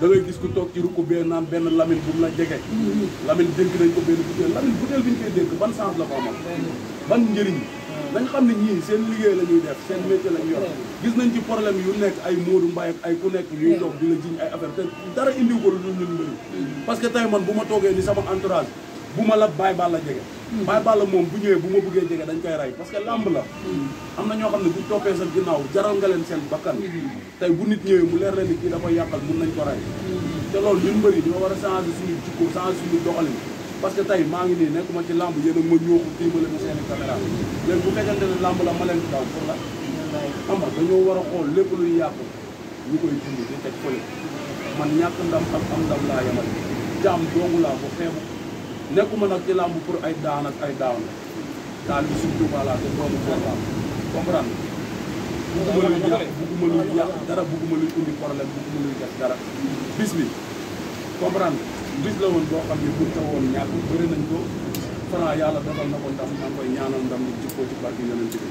da gis ku toog ci rukku bee naan benn lamine bu mu la jege. lamine dénk nañ ko benn butéel lamine butéel bi ñu koy dénk ban sens la ko man ban njëriñ. dañ xam ne ñii seen liggéey la ñuy def seen métier la yor gis nañ ci problème yu nekk ay Modou Mbaye ay ku nekk ñuy toog di la jiñ ay affaire te dara indiw ko lu ñu mbëri parce que tey man bu ma toogee ni sama entourage bu ma la Baye la jege Mm. Baye Balla moom bu ñëwee bu ma bëggee jege dañ koy rey parce que làmb la mm. am na ñoo xam ne bu toppee sa ginnaaw jaral nga leen seen bakkan mm. tey bu nit ñëwee mu leer leen ni kii dafa yàqal mun nañ ko rey te loolu ñun mbëri ñoo war a changer suñu jikko changer parce que tey maa ngi nii nekkuma ci làmb yéen a ma ñooxu dimbale ma seen i caméra léegi bu fekkente ne làmb la ma leen daw pour la xam dañoo war a xool lépp luy yàqu ñu koy dindi di teg fële man ñàkk ndam ak am ndam laa yamal jàmm doomu laa ko xeebu nekkuma nag ci làmb pour ay daan ak ay daaw la daal bi suñ Tuubaa laa doomu Koor bugguma luy yàq dara bugguma luy indi problème bugguma luy def dara bis bi comprendre bis la woon boo xam ne buñ woon ñàkk bëri nañ ko Franc yàlla defal na ko ndam maa ngi koy ñaanal ndam li jikkoo ci barke yonent bi